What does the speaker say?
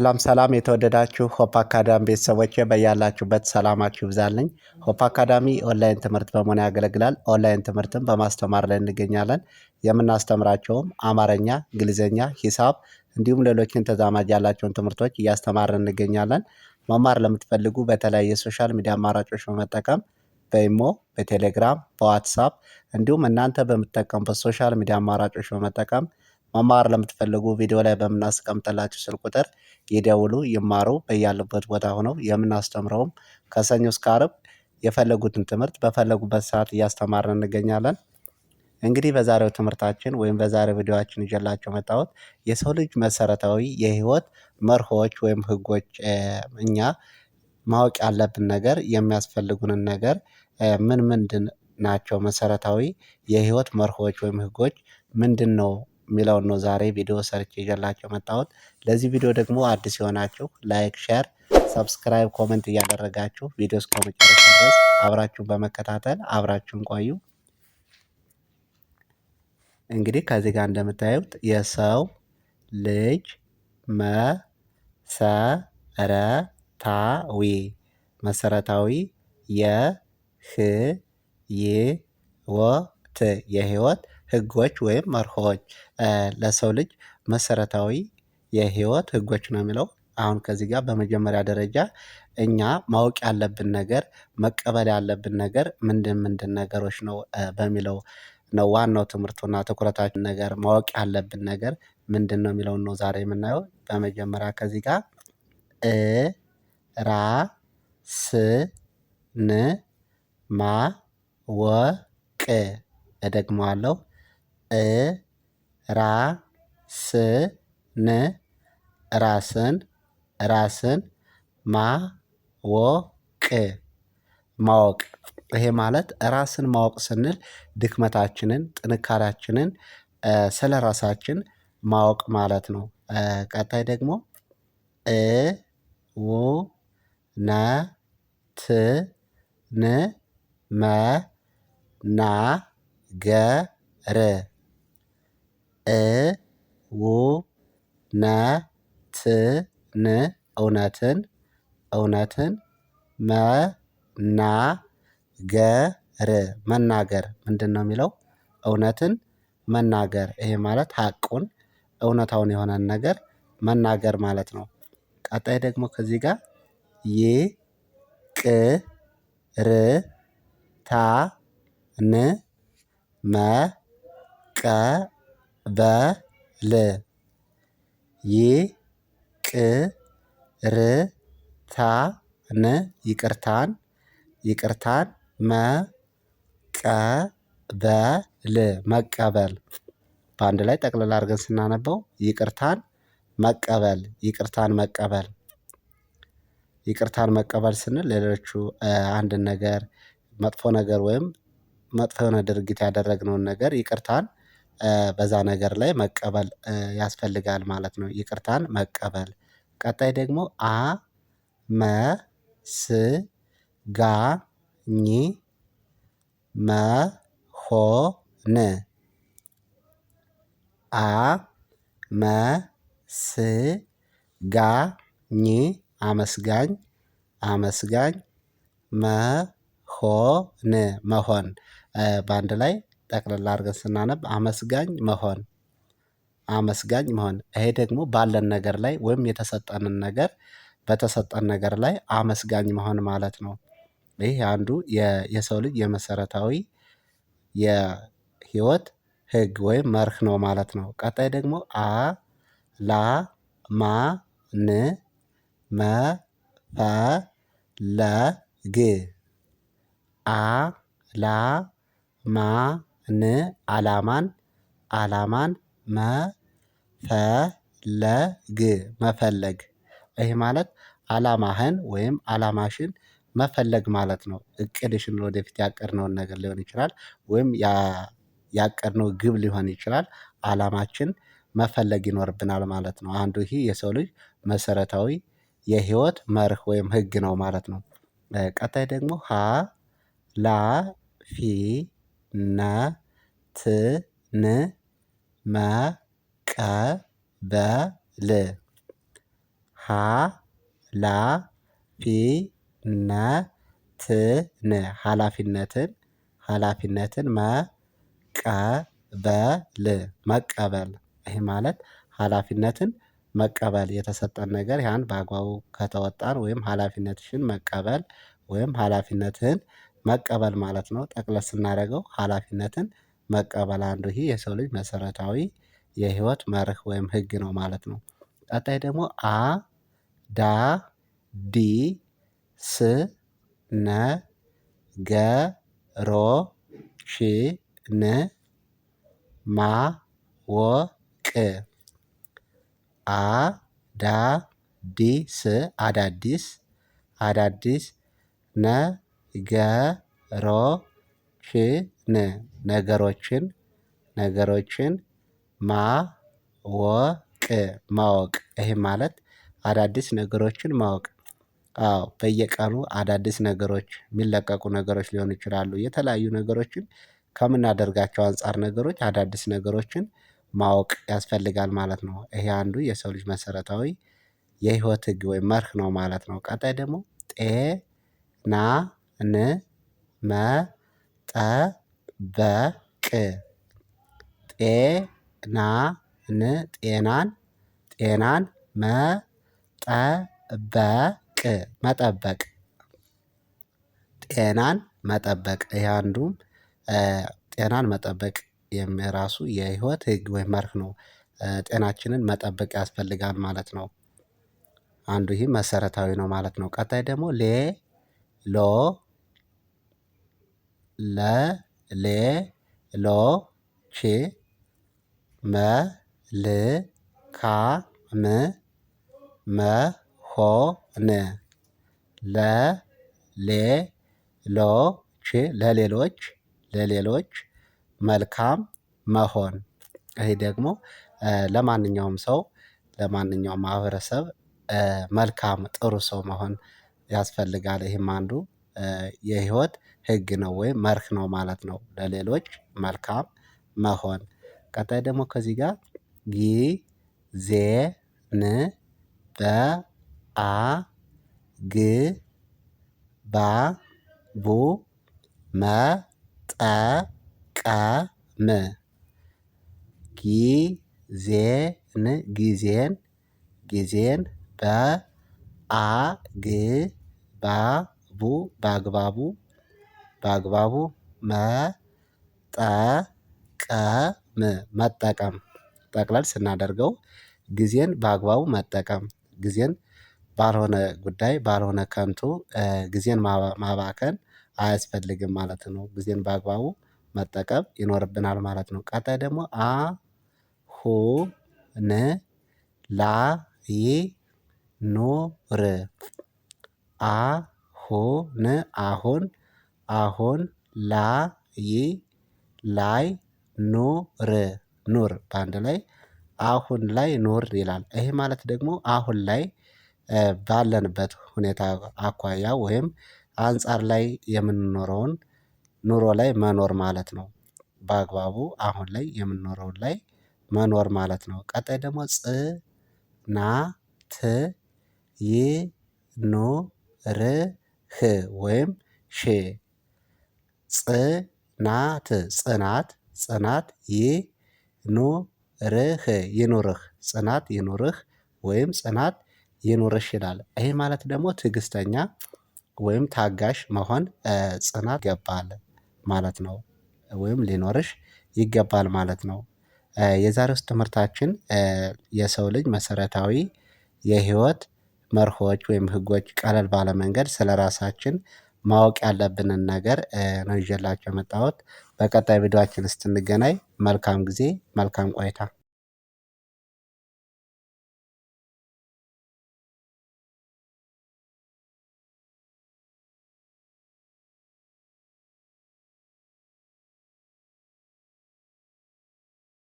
ሰላም ሰላም የተወደዳችሁ ሆፕ አካዳሚ ቤተሰቦች በያላችሁበት ሰላማችሁ ይብዛልኝ። ሆፕ አካዳሚ ኦንላይን ትምህርት በመሆን ያገለግላል። ኦንላይን ትምህርትን በማስተማር ላይ እንገኛለን። የምናስተምራቸውም አማርኛ፣ እንግሊዝኛ፣ ሂሳብ እንዲሁም ሌሎችን ተዛማጅ ያላቸውን ትምህርቶች እያስተማርን እንገኛለን። መማር ለምትፈልጉ በተለያየ ሶሻል ሚዲያ አማራጮች በመጠቀም በኢሞ በቴሌግራም በዋትሳፕ እንዲሁም እናንተ በምትጠቀሙበት ሶሻል ሚዲያ አማራጮች በመጠቀም መማር ለምትፈልጉ ቪዲዮ ላይ በምናስቀምጥላችሁ ስልክ ቁጥር ይደውሉ፣ ይማሩ። በያሉበት ቦታ ሆነው የምናስተምረውም ከሰኞ እስከ ዓርብ የፈለጉትን ትምህርት በፈለጉበት ሰዓት እያስተማርን እንገኛለን። እንግዲህ በዛሬው ትምህርታችን ወይም በዛሬው ቪዲዮችን ይዤላቸው መጣሁት የሰው ልጅ መሰረታዊ የህይወት መርሆች ወይም ህጎች እኛ ማወቅ ያለብን ነገር የሚያስፈልጉንን ነገር ምን ምንድን ናቸው? መሰረታዊ የህይወት መርሆች ወይም ህጎች ምንድን ነው የሚለውን ነው ዛሬ ቪዲዮ ሰርች ይዤላችሁ መጣሁት። ለዚህ ቪዲዮ ደግሞ አዲስ የሆናችሁ ላይክ፣ ሼር፣ ሰብስክራይብ፣ ኮመንት እያደረጋችሁ ቪዲዮ እስከ መጨረሻ ድረስ አብራችሁን በመከታተል አብራችሁን ቆዩ። እንግዲህ ከዚህ ጋር እንደምታዩት የሰው ልጅ መሰረታዊ መሰረታዊ የህይወት የህይወት ህጎች ወይም መርሆች ለሰው ልጅ መሰረታዊ የህይወት ህጎች ነው የሚለው አሁን ከዚህ ጋር በመጀመሪያ ደረጃ እኛ ማወቅ ያለብን ነገር መቀበል ያለብን ነገር ምንድን ምንድን ነገሮች ነው በሚለው ነው ዋናው ትምህርቱና ትኩረታችን ነገር ማወቅ ያለብን ነገር ምንድን ነው የሚለውን ነው ዛሬ የምናየው። በመጀመሪያ ከዚህ ጋር እ ራ ስ ን ማ ወ ቅ እደግመዋለሁ ራስን ራስን ራስን ማወቅ ማወቅ ይሄ ማለት ራስን ማወቅ ስንል ድክመታችንን ጥንካሬያችንን ስለራሳችን ማወቅ ማለት ነው። ቀጣይ ደግሞ እ ው ነ ት ን መ ና ገ ር ን እውነትን እውነትን መናገር መናገር ምንድነው የሚለው እውነትን መናገር ይሄ ማለት ሀቁን እውነታውን የሆነን ነገር መናገር ማለት ነው። ቀጣይ ደግሞ ከዚህ ጋር መ ቀ በል ይቅርታን ይቅርታን ይቅርታን መቀበል መቀበል በአንድ ላይ ጠቅልላ አድርገን ስናነበው ይቅርታን መቀበል ይቅርታን መቀበል ይቅርታን መቀበል ስንል ሌሎቹ አንድን ነገር መጥፎ ነገር ወይም መጥፎ የሆነ ድርጊት ያደረግነውን ነገር ይቅርታን በዛ ነገር ላይ መቀበል ያስፈልጋል ማለት ነው። ይቅርታን መቀበል ቀጣይ ደግሞ አ መ ስ ጋ ኝ መ ሆ ን አ መ ስ ጋ ኝ አመስጋኝ አመስጋኝ መ ሆ ን መሆን በአንድ ላይ ጠቅልላ አድርገን ስናነብ አመስጋኝ መሆን አመስጋኝ መሆን ይሄ ደግሞ ባለን ነገር ላይ ወይም የተሰጠንን ነገር በተሰጠን ነገር ላይ አመስጋኝ መሆን ማለት ነው። ይህ አንዱ የሰው ልጅ የመሰረታዊ የህይወት ህግ ወይም መርህ ነው ማለት ነው። ቀጣይ ደግሞ አ ላ ማ ን መ ፈ ለ ግ አ ላ ማ ን አላማን አላማን መፈለግ መፈለግ ይህ ማለት አላማህን ወይም አላማሽን መፈለግ ማለት ነው። እቅድሽን ወደፊት ያቀድነውን ነገር ሊሆን ይችላል ወይም ያቀድነው ግብ ሊሆን ይችላል አላማችን መፈለግ ይኖርብናል ማለት ነው። አንዱ ይሄ የሰው ልጅ መሰረታዊ የህይወት መርህ ወይም ህግ ነው ማለት ነው። ቀጣይ ደግሞ ሀ ላ ፊ ት ን ቀ በ ል ሀ ላ ፊ ነ ናትን ማቀበል ሀላፊነትን ሀላፊነትን በ ል መቀበል ይህ ማለት ሀላፊነትን መቀበል የተሰጠን ነገር ያን በአግባቡ ከተወጣን ወይም ሀላፊነትሽን መቀበል ወይም ሀላፊነትህን መቀበል ማለት ነው። ጠቅለል ስናደርገው ሀላፊነትን መቀበል አንዱ ይህ የሰው ልጅ መሰረታዊ የህይወት መርህ ወይም ህግ ነው ማለት ነው። ቀጣይ ደግሞ አ ዳ ዲ ስ ነ ገ ሮ ሺ ን ማ ወ ቅ አ ዳ ዲ ስ አዳዲስ አዳዲስ ነ ገሮችን ነገሮችን ነገሮችን ማወቅ ማወቅ ይሄ ማለት አዳዲስ ነገሮችን ማወቅ አዎ በየቀኑ አዳዲስ ነገሮች የሚለቀቁ ነገሮች ሊሆኑ ይችላሉ የተለያዩ ነገሮችን ከምናደርጋቸው አንፃር ነገሮች አዳዲስ ነገሮችን ማወቅ ያስፈልጋል ማለት ነው። ይሄ አንዱ የሰው ልጅ መሰረታዊ የህይወት ህግ ወይም መርህ ነው ማለት ነው። ቀጣይ ደግሞ ጤና ን ጤናን ጤናን በ መጠበቅ መጠበቅ ጤናን መጠበቅ ይህ አንዱም ጤናን መጠበቅ የራሱ የህይወት ህግ ወይም መርህ ነው። ጤናችንን መጠበቅ ያስፈልጋል ማለት ነው። አንዱ ይህ መሰረታዊ ነው ማለት ነው። ቀጣይ ደግሞ ሌ ሎ ለሌሎች መልካም መሆን ለሌሎች ለሌሎች ለሌሎች መልካም መሆን ይህ ደግሞ ለማንኛውም ሰው ለማንኛውም ማህበረሰብ መልካም ጥሩ ሰው መሆን ያስፈልጋል። ይህም አንዱ የህይወት ህግ ነው ወይም መርህ ነው ማለት ነው። ለሌሎች መልካም መሆን ቀጣይ ደግሞ ከዚህ ጋር ጊዜን በአግባቡ መጠቀም ጊዜን ጊዜን ጊዜን በአግባቡ ቡ በአግባቡ በአግባቡ መጠቀም መጠቀም ጠቅለል ስናደርገው ጊዜን በአግባቡ መጠቀም ጊዜን ባልሆነ ጉዳይ ባልሆነ ከንቱ ጊዜን ማባከን አያስፈልግም ማለት ነው። ጊዜን በአግባቡ መጠቀም ይኖርብናል ማለት ነው። ቀጣይ ደግሞ አ ሁ ን ላ ይ አ ሆነ አሁን አሁን ላይ ላይ ኖር ኖር በአንድ ላይ አሁን ላይ ኖር ይላል ይሄ ማለት ደግሞ አሁን ላይ ባለንበት ሁኔታ አኳያ ወይም አንፃር ላይ የምንኖረውን ኑሮ ላይ መኖር ማለት ነው። በአግባቡ አሁን ላይ የምንኖረውን ላይ መኖር ማለት ነው። ቀጣይ ደግሞ ጽናት ይኖር ህ ወይም ሼ ጽናት ጽናት ጽናት ይኑርህ ይኑርህ ጽናት ይኑርህ ወይም ጽናት ይኑርሽ ይላል። ይሄ ማለት ደግሞ ትዕግስተኛ ወይም ታጋሽ መሆን ጽናት ይገባል ማለት ነው። ወይም ሊኖርሽ ይገባል ማለት ነው። የዛሬ ውስጥ ትምህርታችን የሰው ልጅ መሰረታዊ የህይወት መርሆች ወይም ህጎች ቀለል ባለ መንገድ ስለ ራሳችን ማወቅ ያለብንን ነገር ነው ይዤላቸው የመጣሁት። በቀጣይ ቪዲዮችን ስትንገናኝ መልካም ጊዜ መልካም ቆይታ